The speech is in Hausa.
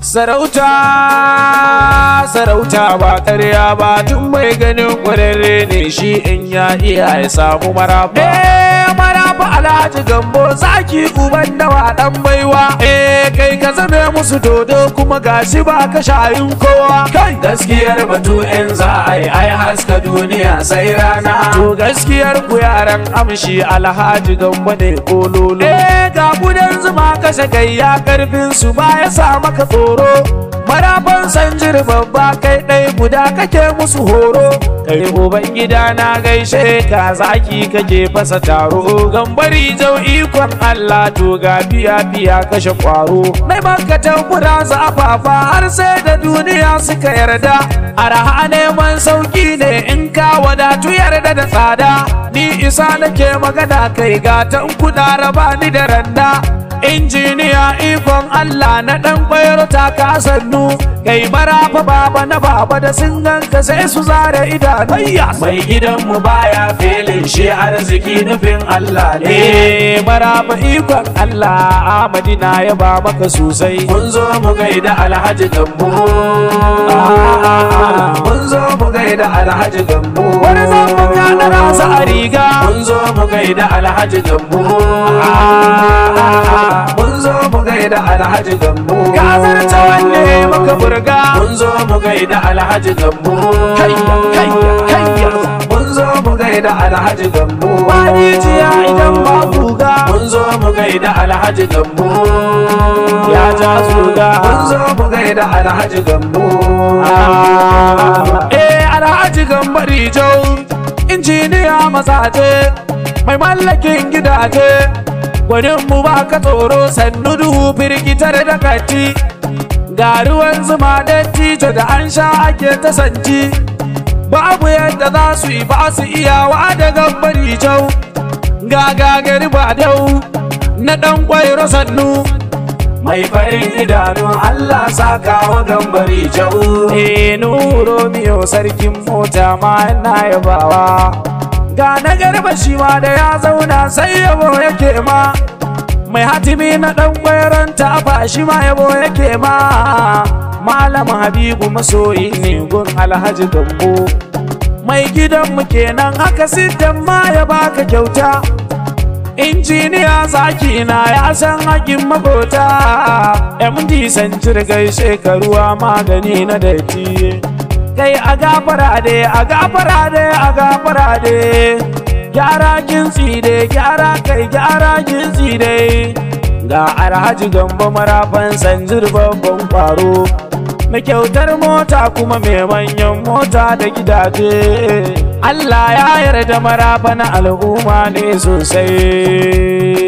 Sarauta, sarauta ba ƙarya ba tun mai ganin ƙwararre ne shi in ya iya ya samu maraba. ba alhaji gambo zaki uban dawa dan baiwa eh kai ka zame musu dodo kuma gashi ba ka shayin kowa kai gaskiyar batu in za a yi ai haska duniya sai rana to gaskiyar ku yaran amshi alhaji gambo ne kololo eh ga gudan zuma kashe kai ya karfin su ba ya sa maka tsoro marafan sanjir babba kai ɗai guda kake musu horo kai gida na gaishe ka zaki kake fasa taro gambari jau ikon Allah to ga biya biya kashe kwaro nai maka tambura afafa har sai da duniya suka yarda araha neman sauki ne in ka wadatu yarda da tsada ni isa nake magana kai gatan tankuna, raba ni da randa injiniya ikon Allah na ɗan ƙwayar ta kasannu kai fa baba na baba da sun ganka sai su zare idanayya mai gidan mu baya filin shi arziki nufin Allah ne fa eh, ikon Allah Madina ya ba maka sosai kun zo mu gaida alhaji gambo kun ah, ah, ah, zo mu gaida alhaji gambo wani zan mu da rasa a riga mu gaida alhaji gambo mun zo mu gaida alhaji gambo gazar ta wanne muka burga mun zo mu gaida alhaji gambo kayya kayya kayya mun zo mu gaida alhaji gambo wani jiya idan ba kuga mun zo mu gaida alhaji gambo ya ja suga mun zo mu gaida alhaji gambo eh alhaji gambo jau. ya mazaje mai mallakin gidaje mu ba ka tsoro sannu duhu firgitar da kati ga ruwan zuma tijo da an sha ake ta sanji babu yadda za su yi ba su iya wa da gambari jau ga gagari ba dau na dan kwairo sannu mai farin idanu Allah saka wa gambari jau eh nuro miyo sarkin mota ma na yabawa ga na garba shi ma da ya zauna sai yabo yake ma mai hatimi na dan ta tafa shi ma yabo yake ma malam habibu masoyi ne gun alhaji gambo mai gidan mu kenan haka sitan ma ya baka kyauta injiniya zaki na ya san hakin mabota md santir gaishe karuwa magani na datti kai a gafara de a gafara de a gafara de gyara jinsi de gyara kai gyara jinsi de ga alhaji Gambo marafan sanjir babban kwaro mai kyautar mota kuma mai manyan mota da gidaje Allah ya yarda marafan al'umma ne sosai